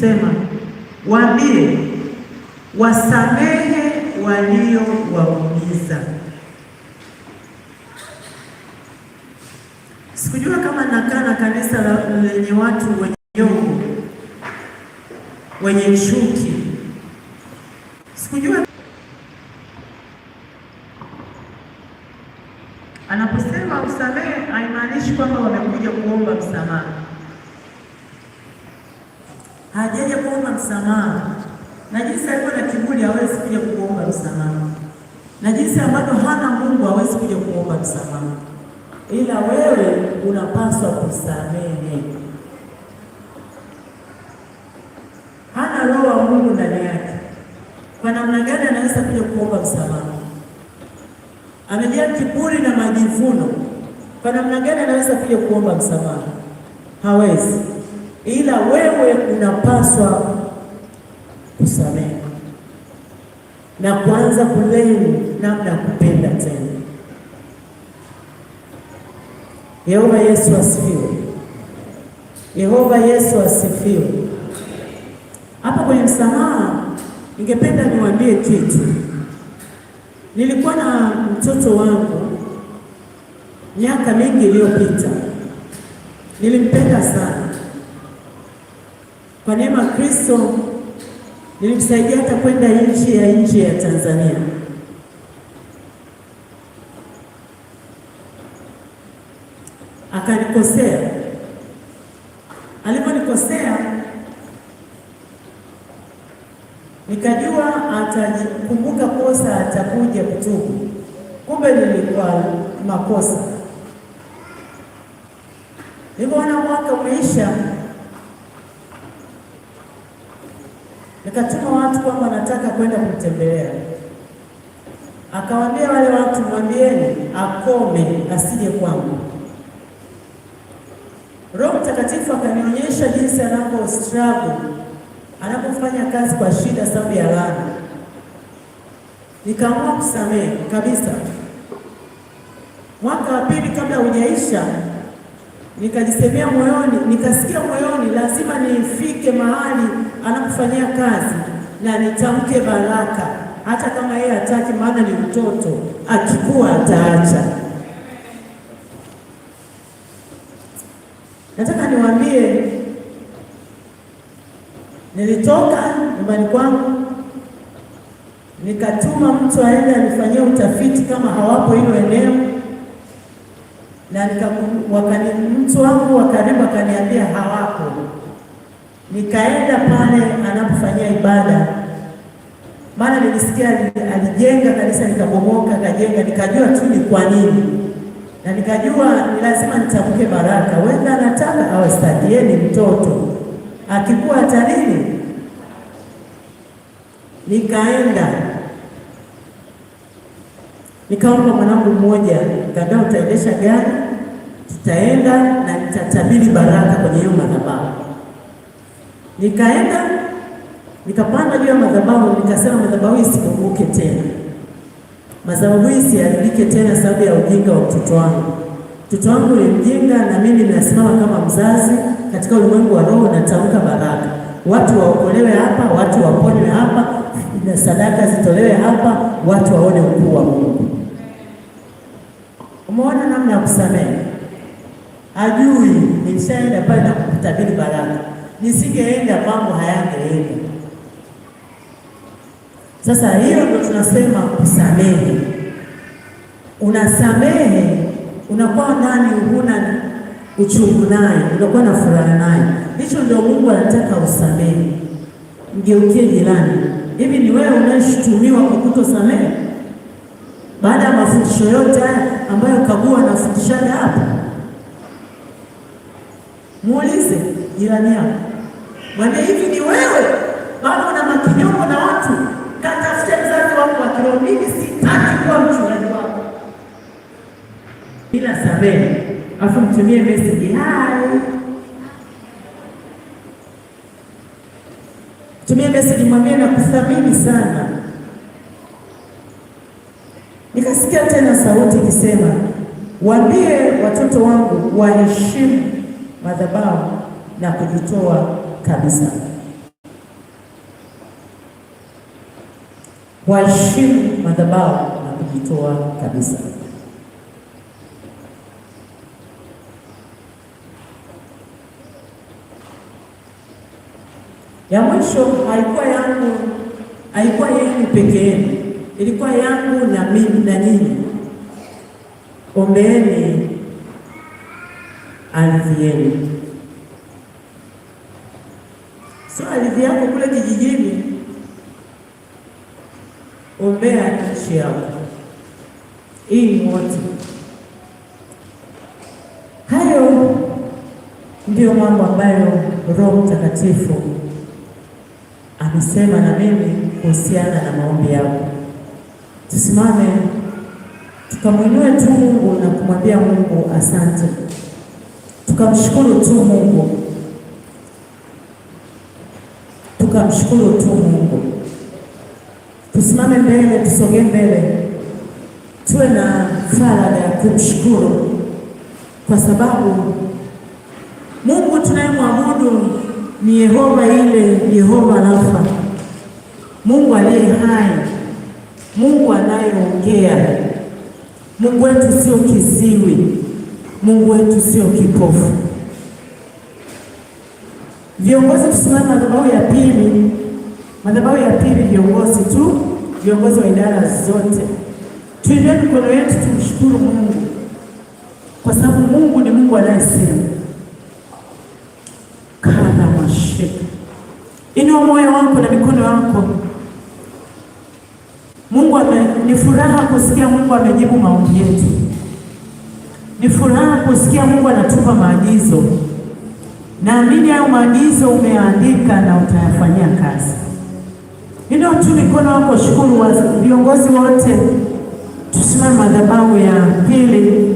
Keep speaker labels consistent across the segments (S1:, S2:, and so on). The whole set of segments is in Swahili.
S1: sema, waambie wasamehe waliowaumiza. Sikujua kama nakaa na kanisa lenye watu wenye nyongo, wenye chuki. Sikujua anaposema usamehe haimaanishi kwamba wamekuja kuomba msamaha hajaja kuomba msamaha, na jinsi alivyo na kiburi hawezi kuja kuomba msamaha, na jinsi ambavyo hana Mungu hawezi kuja kuomba msamaha, ila wewe unapaswa kusamehe. Hana roho wa Mungu ndani yake, kwa namna gani anaweza kuja kuomba msamaha? Amejaa kiburi na majivuno, kwa namna gani anaweza kuja kuomba msamaha? Hawezi ila wewe unapaswa kusamehe na kuanza kulei namna kupenda tena. Yehova Yesu asifiwe! Yehova Yesu asifiwe! Hapa kwenye msamaha, ningependa niwaambie kitu. Nilikuwa na mtoto wangu miaka mingi iliyopita, nilimpenda sana kwa neema Kristo nilimsaidia hata kwenda nchi ya nchi ya Tanzania. Akanikosea. Aliponikosea nikajua atakumbuka kosa, atakuja kutubu. Kumbe nilikuwa makosa. Nilipoona mwaka umeisha Nikatuma watu kwamba nataka kwenda kumtembelea. Akawaambia wale watu, mwambieni akome asije kwangu. Roho Mtakatifu akanionyesha jinsi anapo struggle, anapofanya kazi kwa shida sababu ya laana. Nikaamua kusamehe kabisa. Mwaka wa pili kabla hujaisha nikajisemea moyoni, nikasikia moyoni, lazima nifike mahali anakufanyia kazi na nitamke baraka, hata kama yeye hataki, maana ni mtoto, akikuwa ataacha. Nataka niwaambie, nilitoka nyumbani kwangu nikatuma mtu aende alifanyia utafiti kama hawapo hilo eneo na wakani mtu wangu wa karibu akaniambia hawako Nikaenda pale anapofanyia ibada, maana nilisikia alijenga kanisa likabomoka, akajenga, nikajua tu ni kwa nini, na nikajua ni lazima nitamke baraka, wenda anataka awastadieni mtoto akikuwa hatarini. Nikaenda Nikaomba mwanangu mmoja, nikaambia utaendesha gari, tutaenda na nitatabiri baraka kwenye hiyo madhabahu. Nikaenda nikapanda juu ya madhabahu, nikasema madhabahu hii isipunguke tena, madhabahu hii isiharibike tena sababu ya ujinga wa mtoto wangu. Mtoto wangu ni mjinga, na mimi ninasimama kama mzazi katika ulimwengu wa roho, natamka baraka, watu waokolewe hapa, watu waponywe hapa, na sadaka zitolewe hapa, watu waone ukuu wa Mungu. Umeona namna ya kusamehe, ajui nilishaenda pale na kutabiri baraka, nisingeenda mambo hayangeenda. Sasa hiyo ndio tunasema kusamehe. Unasamehe, unakuwa nani, huna uchungu naye, unakuwa na furaha naye. Hicho ndio Mungu anataka usamehe. Mgeukie jirani, hivi ni wewe unayeshutumiwa kwa kutosamehe? Baada ya mafundisho yote haya ambayo kabua anafundishaga hapa, muulize jirani yako, mwambie hivi, ni wewe bado una makinyongo na watu? Katafute mzazi wako wa kiroho. Mimi sitaki kuwa mchungaji wako, ila sabeni afu mtumie meseji hai, mtumie meseji, mwambie na sana Nikasikia tena sauti ikisema, waambie watoto wangu waheshimu madhabahu na kujitoa kabisa, waheshimu madhabahu na kujitoa kabisa. Ya mwisho haikuwa yangu, haikuwa yenu peke yenu ilikuwa yangu na mimi na nyinyi, ombeeni ardhi yenu. So ardhi yako kule kijijini, ombea nchi yako hii wote. Hayo ndiyo mambo ambayo Roho Mtakatifu amesema na mimi kuhusiana na maombi yako tusimame tukamwinue tu Mungu na kumwambia Mungu asante, tukamshukuru tu Mungu, tukamshukuru tu Mungu. Tusimame mbele, tusogee mbele, tuwe na faragha ya kumshukuru kwa sababu Mungu tunayemwabudu ni Yehova, ile Yehova Rafa, Mungu aliye hai Mungu anayeongea. Mungu wetu sio kiziwi, Mungu wetu sio kipofu. Viongozi tusimama madhabahu ya pili, madhabahu ya pili, viongozi tu, viongozi wa idara zote, tuinue mikono yetu tumshukuru Mungu kwa sababu Mungu ni Mungu anayesema kana mashika. Inua moyo wako na mikono yako Mungu ame, ni furaha kusikia Mungu amejibu maombi yetu. Ni furaha kusikia Mungu anatupa maagizo. Naamini hayo maagizo umeandika na utayafanyia kazi. Ndio tu mikono wako shukuru. Wa viongozi wote tusimame madhabahu ya pili,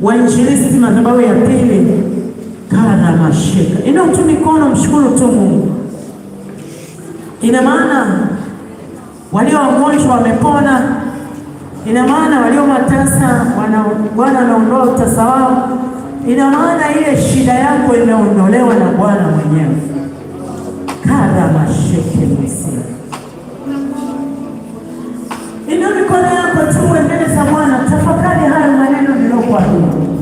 S1: wainjilisti madhabahu ya pili na mashika Ndio tu mikono mshukuru tu Mungu, ina maana walio wagonjwa wamepona. Ina maana walio matasa Bwana anaondoa utasa wao. Ina maana ile shida yako inaondolewa na Bwana mwenyewe. kadamasheke misia ina mikono yako tu mbele za Bwana, tafakari hayo maneno nilokuambia.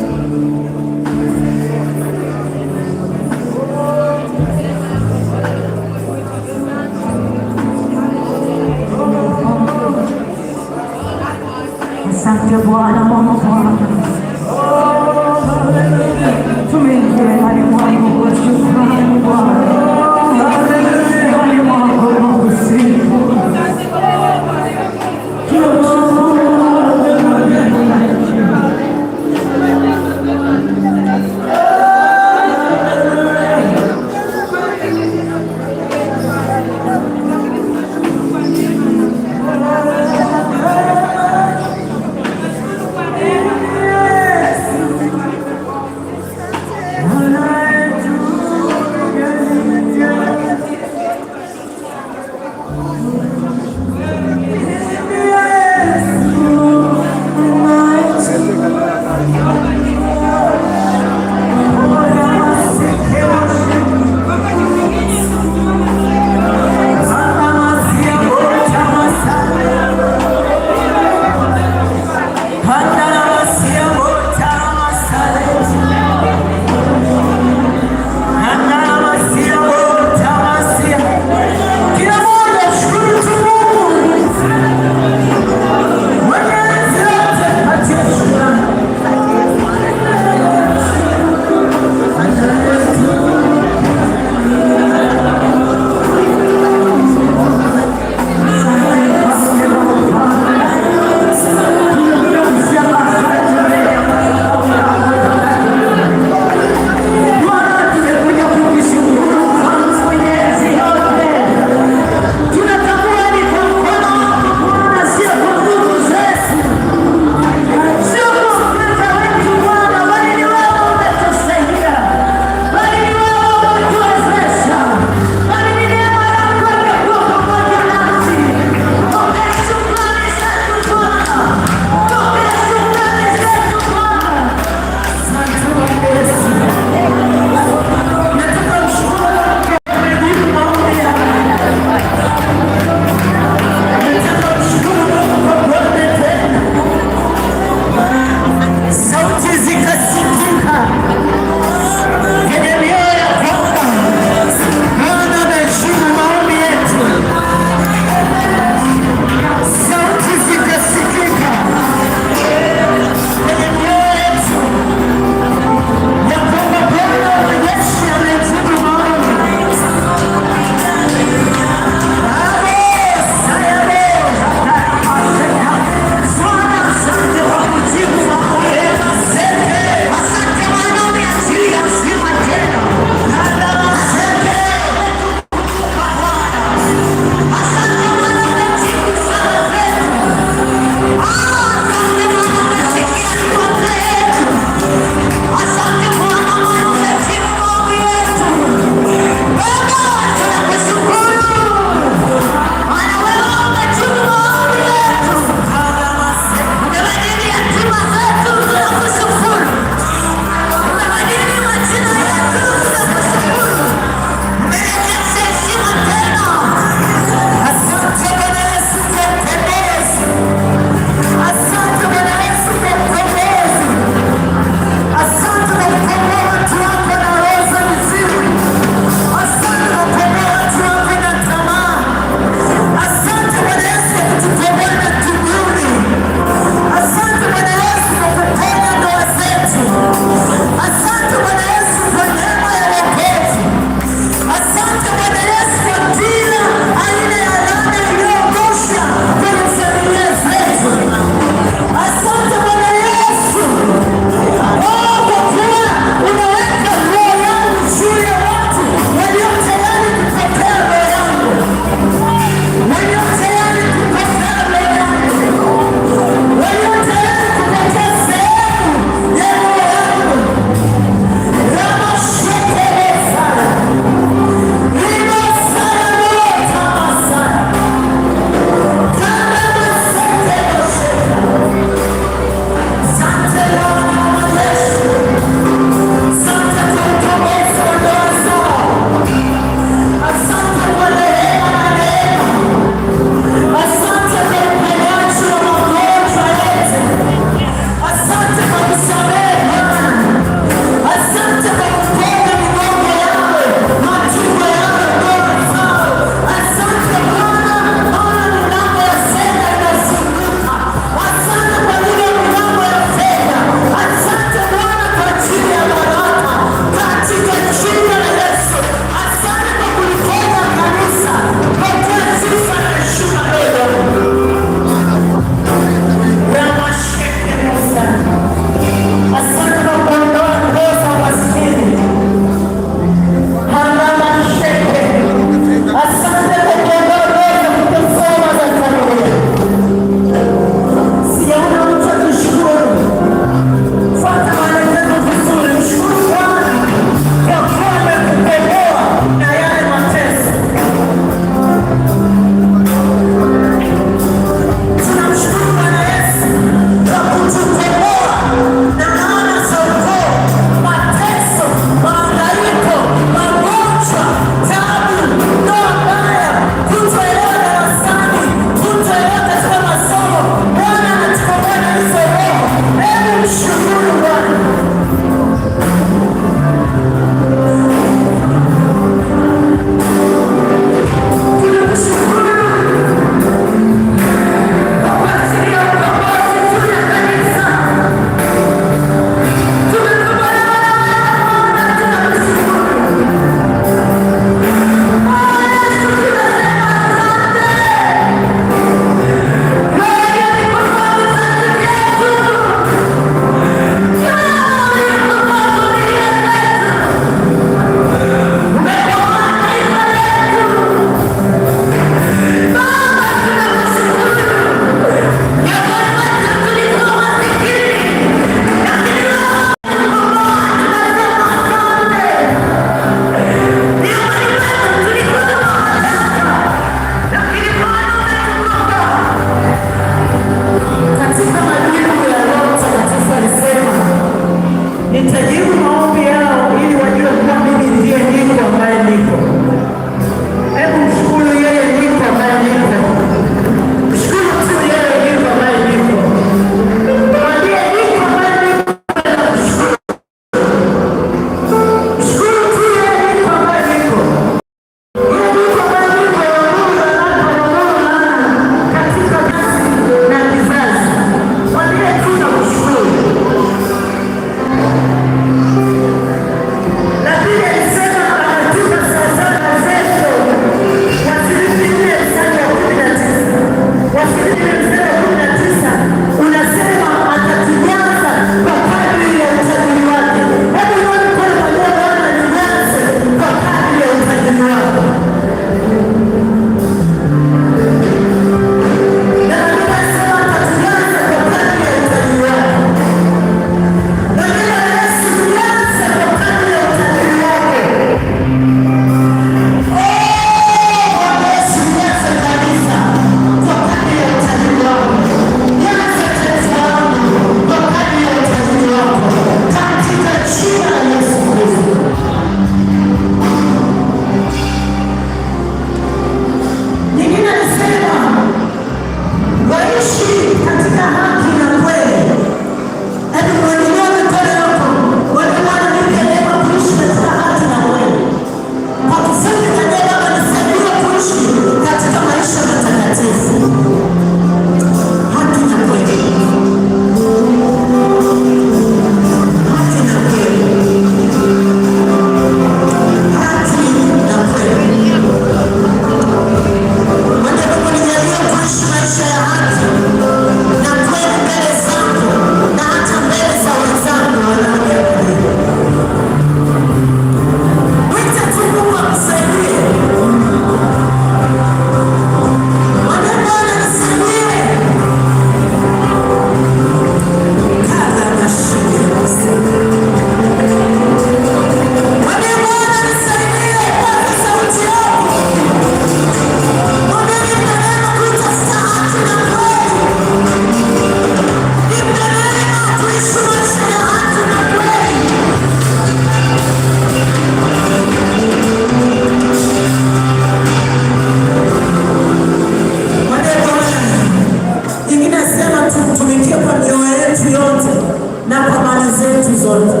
S1: zote.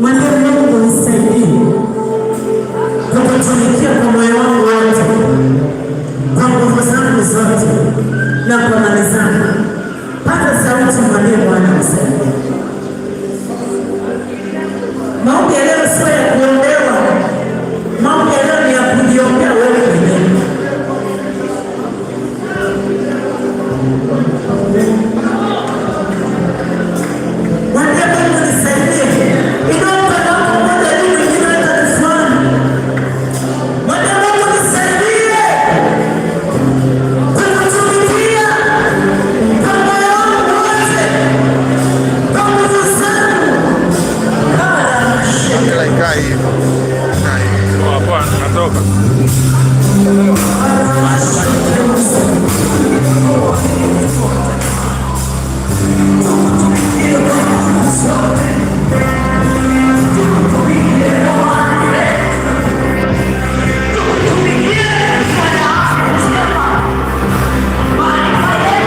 S1: Mwambie Mungu nisaidie kukutumikia kwa moyo wangu wote, kwa nguvu zangu zote na kwa mali zangu. Pata sauti, mwambie Bwana.